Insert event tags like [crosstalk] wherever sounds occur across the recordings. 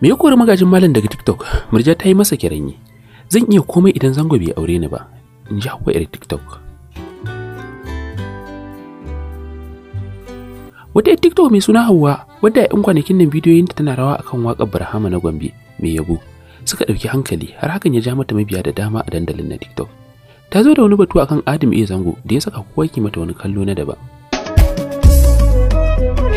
me ya kori magajin malam daga tiktok murja ta yi masa kiranyi zan iya komai idan zango bai aure ni ba in ji hawa yar tiktok wata yar tiktok mai suna Hauwa, wadda yan kwanakin nan bidiyoyinta tana rawa akan waƙar barhama na gombe mai yabo suka ɗauki hankali har hakan ya ja mata mabiya da dama a dandalin na tiktok ta zo da wani batu akan adam iya zango da ya saka kowa ke mata wani kallo na daban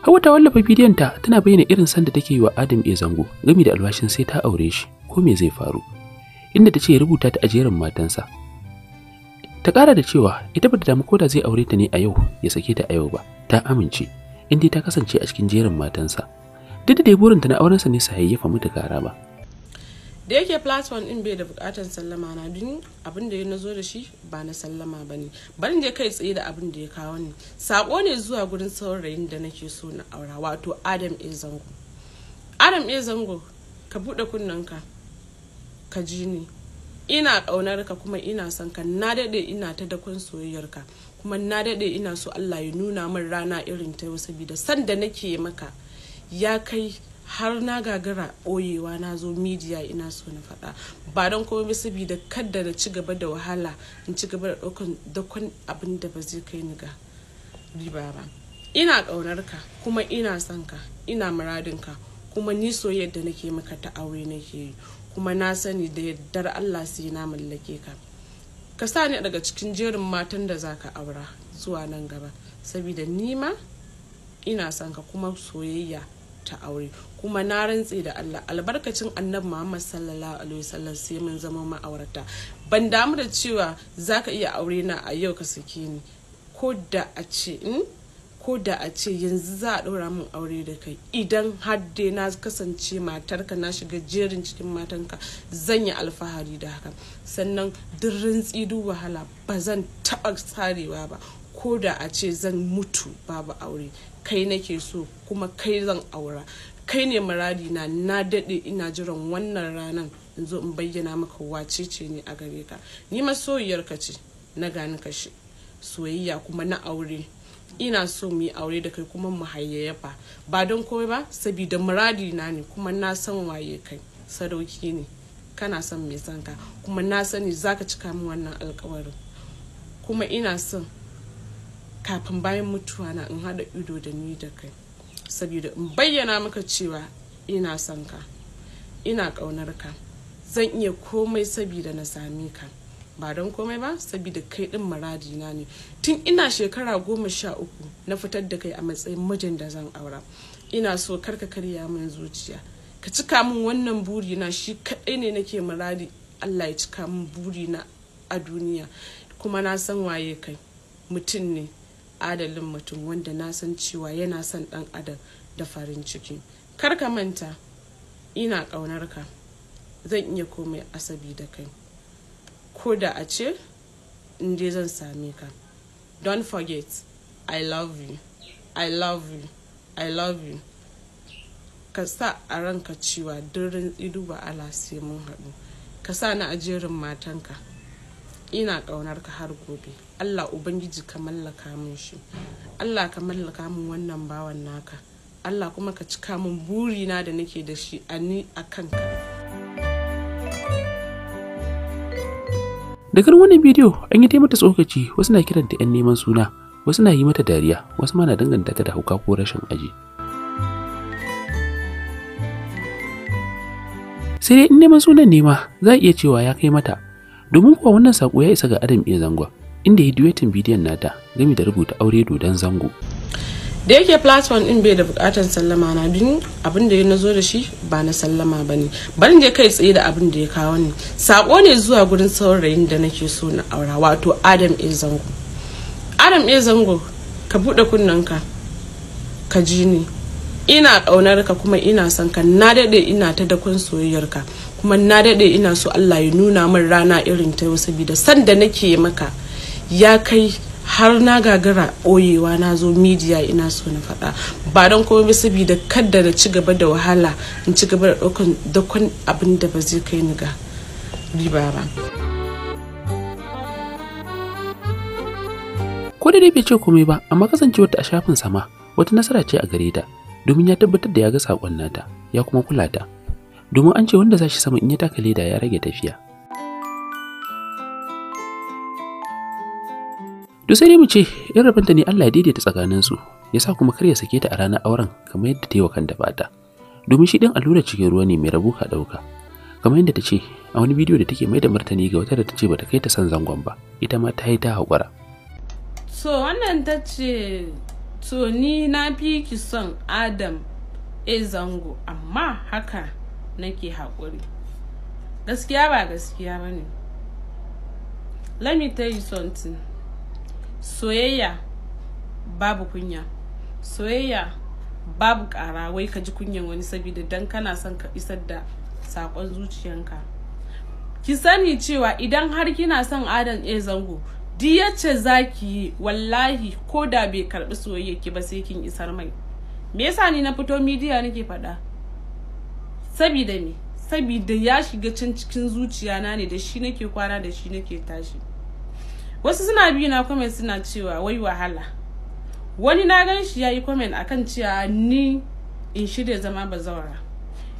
Hauwa ta wallafa bidiyon ta tana bayyana irin san da take yi wa Adam ya zango gami da alwashin sai ta aure shi ko me zai faru inda ta ce rubuta ta a jerin matansa. Ta ƙara da cewa ita ba ta damu ko da zai aure ta ne a yau ya sake ta a yau ba ta amince inda ta kasance a cikin jerin matansa. Duk da dai burinta na aurensa ne sa hayyafa mutu gara ba da yake platform din bai da bukatar sallama na duni abin da ya nazo da shi ba na sallama ba ne barin je kai tsaye da abin da ya kawo ni sako ne zuwa gurin saurayin da nake so na aura wato adam e zango adam e zango ka bude kunnanka ka ji ni ina kaunar ka kuma ina son ka na dade ina ta dakon soyayyarka kuma na dade ina so Allah ya nuna min rana irin ta saboda san da nake maka ya kai har na gagara oyewa na zo midiya ina so na faɗa ba don komai bi saboda kadda da ci gaba da wahala in ci gaba da ɗaukan dakon abin da ba zai kai ni ga riba ba ina ƙaunar ka kuma ina son ka ina muradin ka kuma ni so da nake maka ta aure nake yi kuma na sani da yaddar Allah sai na mallake ka ka sa ni daga cikin jerin matan da zaka aura zuwa nan gaba saboda ni ma ina son ka kuma soyayya ta aure kuma na rantse da Allah albarkacin annabi Muhammad sallallahu alaihi wasallam sai mun zama ma'aurata ban damu da cewa zaka iya aure na a yau ka saki ni ko da a ce hmm? ko da a ce yanzu za a ɗora min aure da kai idan har dai na kasance matarka na shiga jerin cikin matanka zan yi alfahari da haka sannan duk rantsi duk wahala ba zan taɓa tsarewa ba ko da a ce zan mutu babu aure kai nake so kuma kai zan aura kai ne muradi na na daɗe ina jiran wannan ranan in zo in bayyana maka wace ce ne a gare ka ni soyayyar ka ce na gani shi. soyayya kuma na aure ina so mu yi aure da kai kuma mu hayayyafa ba don komai ba saboda muradi na ne kuma na san waye kai sadauki ne kana son mai sanka kuma na sani zaka cika min wannan alƙawarin kuma ina son kafin bayan mutuwa na in haɗa ido da ni da kai saboda in bayyana maka cewa ina son ka ina ƙaunar ka zan iya komai saboda na sami ka ba don komai ba saboda kai ɗin muradi na ne tun ina shekara goma sha uku na fitar da kai a matsayin mijin da zan aura ina so karka karya min zuciya ka cika min wannan buri na shi kaɗai ne nake muradi allah ya cika min na a duniya kuma na san waye kai mutum ne adalin mutum wanda na san cewa yana son ɗan adam da farin ciki kar ka manta ina ƙaunar ka zan iya komai asabi da kai ko da a ce in dai zan same ka don't forget i love you i love you i love you ka sa a ranka cewa durin ido ba ala sai mun haɗu ka sa ni a jerin matanka ina ƙaunar ka har gobe allah ubangiji ka mallaka mun shi allah ka mallaka min wannan bawan naka allah kuma ka cika mun burina da nake da shi a ni a kanka da kan wani bidiyo an yi taimata tsokaci wasu na kiranta 'yan neman suna wasu na yi mata dariya wasu ma na danganta ta da hauka ko rashin aji sai dai in neman sunan nema za a iya cewa ya kai mata domin kuwa wannan sako ya isa ga adam iya zango inda ya duwetin bidiyon nata game da rubuta aure dodon zango da yake platform din bai da bukatar sallama na bin abin da ya nazo da shi ba na sallama ba ne barin da kai tsaye da abin da ya kawo ni sako ne zuwa gurin saurayin da nake so na aura wato adam iya zango adam iya zango ka buɗe kunnenka ka ji ni ina ƙaunar ka kuma ina son ka na daɗe ina ta dakon soyayyarka kuma na daɗe ina so Allah ya nuna min rana irin ta saboda sanda nake maka ya kai har na gagara oyewa na zo midiya ina so na faɗa ba don kuma komai saboda kadda na ci gaba da wahala in ci gaba da ɗaukan dakon abin da ba zai kai ni ga riba ba. ko da dai bai ce komai ba amma kasancewa ta a shafin sama wata nasara ce a gare ta domin ya tabbatar da ya ga sakon nata ya kuma kula ta domin an ce wanda za shi sama in ya taka leda ya rage tafiya. Duk sai dai mu ce 'yan rabinta ne Allah ya daidaita tsakaninsu ya sa kuma kar ya sake ta a ranar auren kamar yadda ta yi wa kanta fata. Domin shi ɗin allurar cikin ruwa ne mai rabu ka ɗauka. Kamar yadda ta ce a wani bidiyo da take mai da martani ga wata da ta ce bata kai ta son zangon ba ita ma ta yi ta haƙura. So wannan ta ce to ni na fi ki son Adam e zango amma haka nake haƙuri gaskiya ba gaskiya ba ne let me tell you something soyayya babu kunya soyayya babu ƙara wai ka ji kunyan wani saboda dan kana son ka isar da saƙon zuciyanka ki sani cewa idan har kina son adam e zango duk yacce za ki yi wallahi ko da bai karɓi soyayya ki ba sai kin isar mai me yasa ni na fito midiya nake faɗa sabida me sabida ya shiga can cikin zuciya na ne da shi nake kwana da shi nake tashi wasu suna biyu na comment suna cewa wai wahala wani na gan shi ya yi comment akan cewa ni in shirya zama bazawara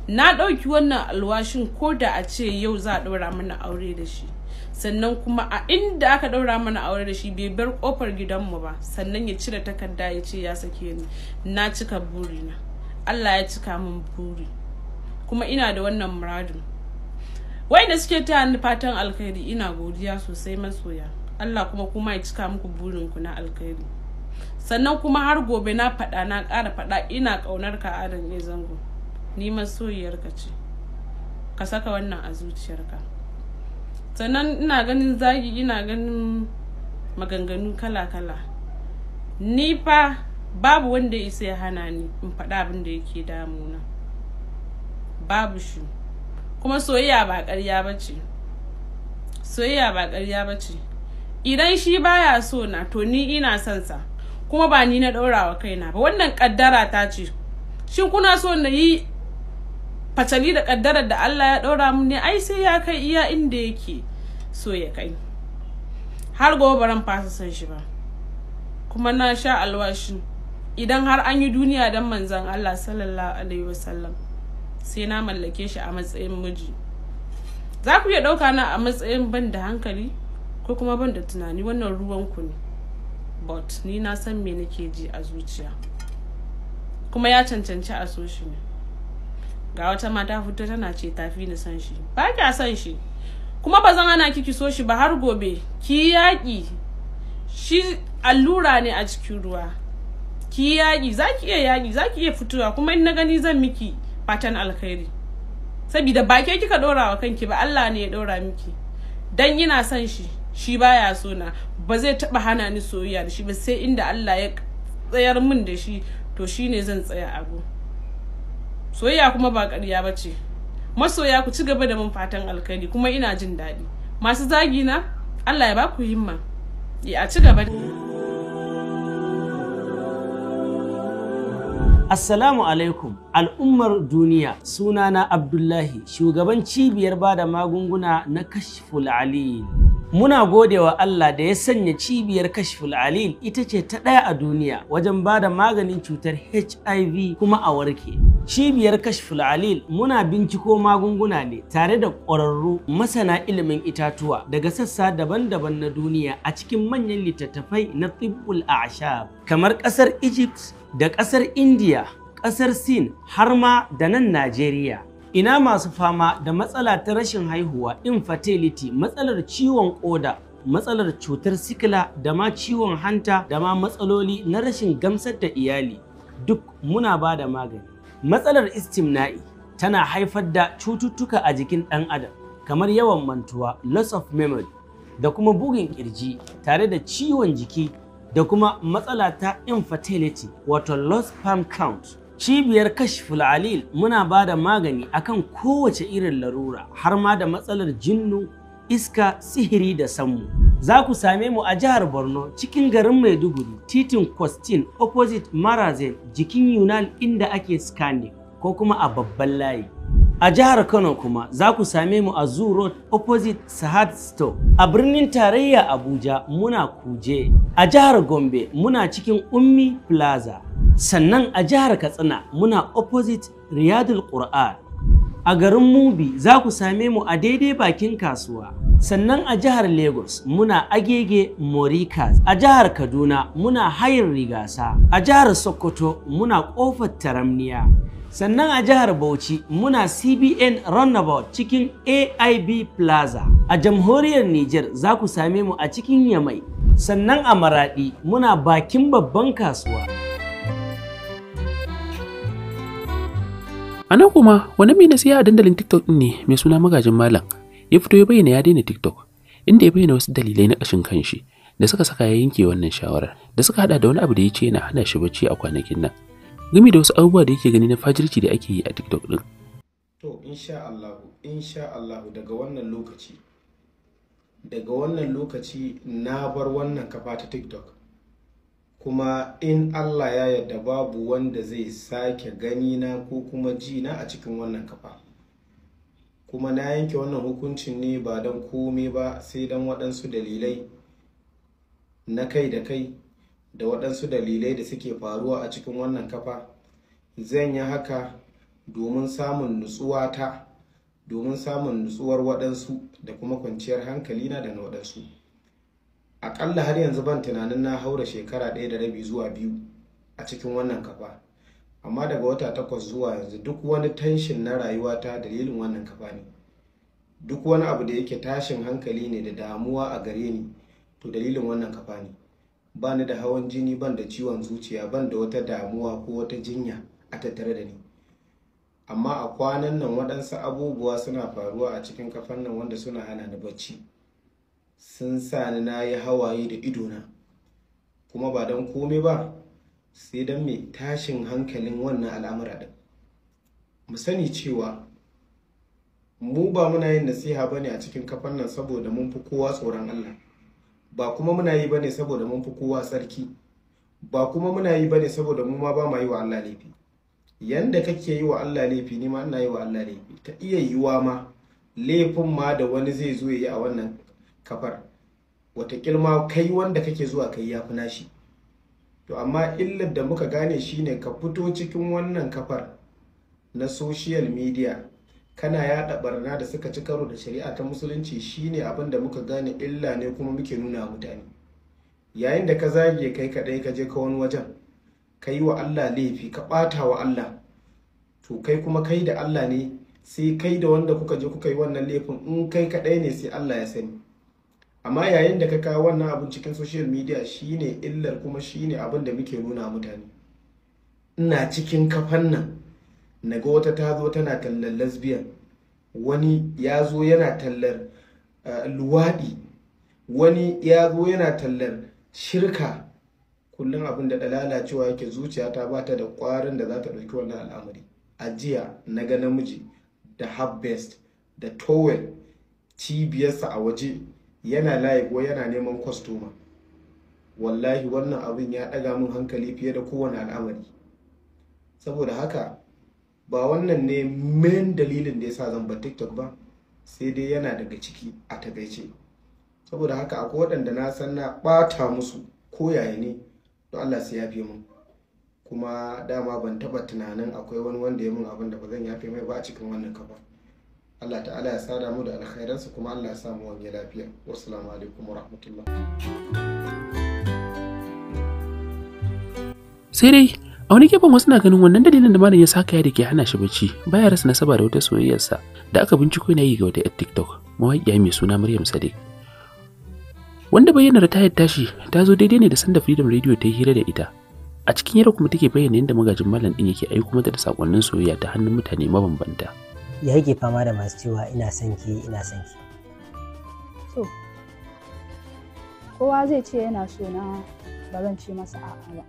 na ɗauki wannan alwashin ko da a ce yau za a ɗaura mana aure da shi sannan kuma a inda aka ɗaura mana aure da shi bai bar ƙofar gidanmu ba sannan ya cire takarda ya ce ya sake ni na cika burina allah ya cika min buri kuma ina da wannan muradin wayanda suke ta ni fatan alkhairi ina godiya sosai masoya Allah kuma kuma ya cika muku burinku na alkhairi sannan kuma har gobe na faɗa na ƙara faɗa ina ƙaunar ka adam ya zango ni ka ce ka saka wannan a zuciyarka sannan ina ganin zagi ina ganin maganganu kala-kala ni fa babu wanda ya isa ya hana ni in faɗa abin da yake damuna babu shi kuma soyayya ba ƙarya ba soyayya ba ƙarya ba idan shi baya so na to ni ina son sa kuma ba ni na ɗaura wa kaina ba wannan ƙaddara ta ce shin kuna so na yi fatali da ƙaddarar da Allah ya ɗaura mu ne ai sai ya kai iya inda yake so ya kai har gobe baran fasa san shi ba kuma na sha alwashi idan har an yi duniya don manzan Allah sallallahu alaihi wasallam sai na mallake shi a matsayin miji za ku iya ɗauka na a matsayin ban da hankali ko kuma ban da tunani wannan ruwan ku ne but ni na san me nake ji a zuciya kuma ya cancanci a so shi ne ga wata mata fito tana ce tafi ni san shi ba kya san shi kuma ba zan ana kiki so shi ba har gobe ki yaƙi shi allura ne a cikin ruwa ki yaƙi za ki iya yaƙi za ki iya fitowa kuma in na gani zan miki fatan alkhairi saboda ba ke kika dora wa kanki ba Allah ne ya dora miki dan ina son shi shi baya so na ba zai taba hana ni soyayya da shi ba sai inda Allah ya tsayar min da shi to shine zan tsaya abu soyayya kuma ba ƙarya ba ce masoya ku ci gaba da min fatan alkhairi kuma ina jin daɗi masu zagina, Allah ya ba ku himma ya ci gaba da Assalamu alaikum al'ummar duniya sunana Abdullahi shugaban cibiyar bada magunguna na kashful alil. Muna gode wa Allah da ya sanya cibiyar kashiful alil ita ce ta ɗaya a duniya wajen ba da maganin cutar HIV kuma a warke. Cibiyar kashiful alil muna binciko magunguna ne tare da ƙwararru masana ilimin itatuwa daga sassa daban-daban na duniya a cikin manyan littattafai na tibbul ashab kamar ƙasar Egypt da ƙasar India, ƙasar Sin har ma da nan Najeriya. Ina masu fama da matsala ta rashin haihuwa infertility matsalar ciwon ƙoda matsalar cutar sikila da ma ciwon hanta da ma matsaloli na rashin gamsar da iyali duk muna ba da magani. Matsalar istimna'i tana haifar da cututtuka a jikin ɗan adam kamar yawan mantuwa loss of memory da kuma bugun kirji tare da ciwon jiki da kuma matsala ta infertility wato loss sperm count Cibiyar Kashful Alil muna ba da magani akan kowace irin larura har ma da matsalar jinnu, iska, sihiri da sammu. Za ku same mu a jihar Borno cikin garin Maiduguri, titin Kwastin opposite Marazin jikin Yunan inda ake scanning ko kuma a babban layi. A jihar Kano kuma za ku same mu a Zoo Road opposite Sahad Store. A birnin tarayya Abuja muna kuje. A jihar Gombe muna cikin Ummi Plaza. sannan a jihar katsina muna opposite riyadul qur'an a garin mubi za ku same mu a daidai bakin kasuwa sannan a jihar lagos muna agege morikas a jihar kaduna muna hayin rigasa a jihar sokoto muna kofar taramniya sannan a jihar bauchi muna cbn runabout cikin aib plaza a jamhuriyar niger za ku same mu a cikin yamai sannan a maradi muna bakin babban kasuwa A nan kuma wani mai siya a dandalin TikTok ɗin ne mai suna magajin malam ya fito ya bayyana ya daina TikTok inda ya bayyana wasu dalilai na ƙashin kanshi da suka saka ya yanke wannan shawarar da suka hada da wani abu da ya ce yana hana shi bacci a kwanakin nan gami da wasu abubuwa da yake gani na fajirci da ake yi a TikTok din. To insha Allahu insha Allahu daga wannan lokaci daga wannan lokaci na bar wannan kafa ta TikTok kuma in Allah ya yarda babu wanda zai sake gani na ko kuma ji na a cikin wannan kafa kuma na yanke wannan hukuncin ne ba don komai ba sai don waɗansu dalilai na kai da kai da waɗansu dalilai da suke faruwa a cikin wannan kafa zan yi haka domin samun nutsuwa ta domin samun nutsuwar waɗansu da kuma kwanciyar hankali na da na waɗansu akalla har yanzu ban tunanin na haura shekara ɗaya da rabi zuwa biyu a cikin wannan kafa amma daga wata takwas zuwa yanzu duk wani tanshin na rayuwata dalilin wannan kafa ne duk wani abu da yake tashin hankali ne da damuwa a gare ni to dalilin wannan kafa ne ba ni da hawan jini ban da ciwon zuciya ban da wata damuwa ko wata jinya a tattare da ni amma a kwanan nan waɗansu abubuwa suna faruwa a cikin kafan nan wanda suna hana ni bacci sun sa ni na yi hawaye da idona kuma ba don kome ba sai don mai tashin hankalin wannan al'amura da. mu sani cewa mu ba muna yin nasiha bane a cikin kafan nan saboda mun fi kowa tsoron Allah ba kuma muna yi bane saboda mun fi kowa sarki ba kuma muna yi bane saboda mu ma ba ma yi wa Allah laifi yanda kake yi wa Allah laifi ni ma ina yi wa Allah laifi ta iya yiwa ma laifin ma da wani zai zo ya yi a wannan kafar wata ma kai wanda kake zuwa kai ya fi nashi to amma illar da muka gane shine ka fito cikin wannan kafar na social media kana yaɗa barna da suka ci karo da shari'a ta musulunci shine abin da muka gane illa ne kuma muke nuna mutane yayin da ka zage kai kaɗai ka je ka wani wajen ka yi wa Allah laifi ka ɓata wa Allah to kai kuma kai da Allah ne sai kai da wanda kuka je kuka yi wannan laifin in kai kaɗai ne sai Allah ya sani amma yayin da ka kawo wannan abin cikin social media shine illar kuma shine abin da muke nuna mutane ina cikin kafan nan na ga wata ta zo tana tallar lesbian wani ya zo yana tallar eh, luwaɗi wani ya zo yana tallar shirka kullum abin da lalacewa yake zuciya ta ba da ƙwarin da za ta ɗauki wannan al'amari ajiya jiya na ga namiji da habbest da towel cibiyarsa a waje yana layi ko yana neman kwastoma wallahi wannan abin ya ɗaga min hankali fiye da kowane al'amari saboda haka ba wannan ne main dalilin da ya sa zan ba tiktok ba sai dai yana daga ciki a takaice saboda haka akwai waɗanda na san na ɓata musu ko yaya ne to allah su fi mun. kuma dama ban taɓa tunanin akwai wani wanda ya mun abin da ba zan yafe mai ba a cikin wannan kafa Allah ta'ala ya sada mu da alkhairansa kuma Allah ya sa mu wani lafiya wassalamu alaikum wa rahmatullah sai dai a wani gefen wasu na ganin wannan dalilin da malam ya saka ya da ke hana shi bacci baya rasa nasaba da wata soyayyarsa da aka binciko yana yi ga wata yar tiktok mawaƙiya mai suna maryam sadiq wanda bayyana ritayar tashi ta zo daidai ne da sanda freedom radio ta yi hira da ita a cikin yadda kuma take bayyana yadda magajin malam ɗin yake aiko mata da sakonnin soyayya ta hannun mutane mabambanta ya yake fama da masu cewa ina son ke ina son ke so kowa zai ce yana so na ba zan ce masa a'a ba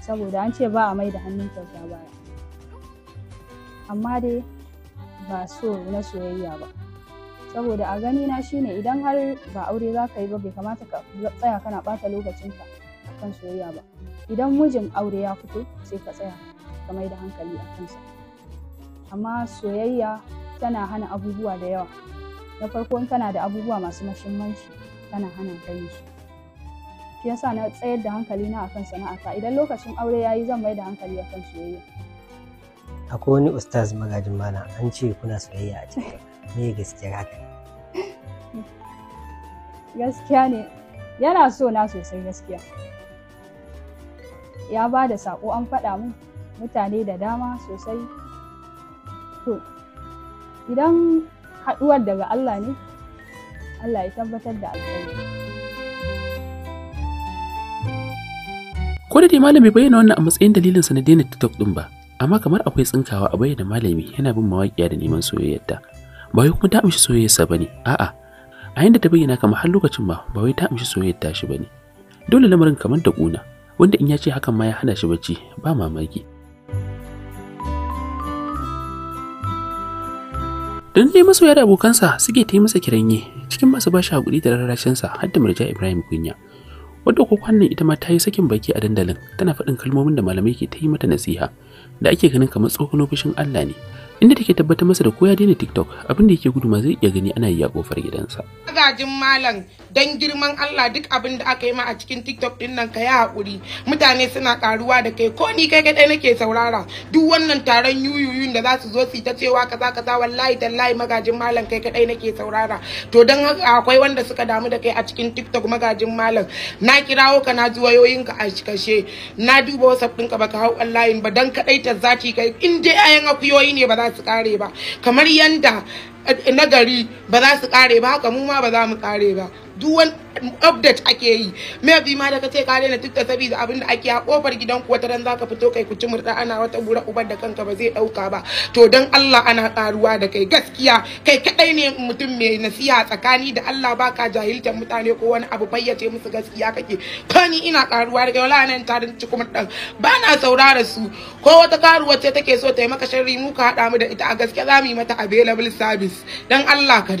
saboda an ce ba a mai da hannun kyauta baya amma dai ba so na soyayya ba saboda a gani na shine idan har ba aure za ka yi ba bai kamata ka tsaya kana bata lokacinka kan soyayya ba idan mijin aure ya fito sai ka tsaya ka mai da hankali a kansa amma soyayya tana hana abubuwa da yawa na farko in kana da abubuwa masu mashimmanci tana hana gani yin su shi yasa na tsayar da hankali na akan sana'ata idan lokacin aure yayi zan mai da hankali akan soyayya akwai wani ustaz magajin mana an ce kuna soyayya a cikin me gaskiya haka [laughs] gaskiya ne yana so na sosai gaskiya ya ba da sako an faɗa mun mutane da dama sosai To, idan haɗuwar daga Allah ne, Allah ya tabbatar da alkhairi. Ko da dai malami bayyana wannan a matsayin dalilinsa na daina TikTok din ba, amma kamar akwai tsinkawa a bayyana malami yana bin mawaƙiya da neman soyayyarta. Ba wai kuma ta amshi soyayyarsa ba ne, a'a. A yanda ta bayyana kamar har lokacin ma ba wai ta amshi soyayyarta shi ba ne. Dole lamarin kamar da ƙuna, wanda in ya ce hakan ma ya hana shi bacci ba mamaki. don dai masoya da abokansa suke ta yi masa kiranye cikin masu ba shi hakuri da rarrashinsa har da murja ibrahim kunya wadda ko kwanan ita ma ta yi sakin baki a dandalin tana faɗin kalmomin da malamai ke ta yi mata nasiha da ake ganin kamar tsohon fushin allah ne inda take tabbatar masa da ko ya daina TikTok abin da yake gudu ma zai iya gani ana yi a kofar gidansa. Gajin malam dan girman Allah duk abin da aka yi ma a cikin TikTok din nan ka yi hakuri mutane suna karuwa da kai ko ni kai kadai nake saurara duk wannan taron yuyuyun da za su zo su ta cewa kaza kaza wallahi tallahi magajin malam kai kadai nake saurara to dan akwai wanda suka damu da kai a cikin TikTok magajin malam na kirawo ka na ji ka a kashe na duba WhatsApp ɗinka baka hau online ba dan kadai ta zaki kai in dai ayan akuyoyi ne ba za su kare ba kamar yanda na gari ba za su kare ba haka mu ma ba za mu kare ba duk wani update ake yi maybe ma da ka ce kare na tukka saboda abin da ake a kofar gidan ku wata ran zaka fito kai ku ci murda ana wata bura ubar da kanka ba zai dauka ba to dan Allah ana karuwa da kai gaskiya kai kadai ne mutum mai nasiha tsakani da Allah baka jahiltar mutane ko wani abu bayyace musu gaskiya kake kani ina karuwa da kai wallahi nan tarin ci kuma dan ba saurara su ko wata karuwa ce take so ta yi maka sharri mu ka hada mu da ita a gaskiya zamu yi mata available service dan Allah ka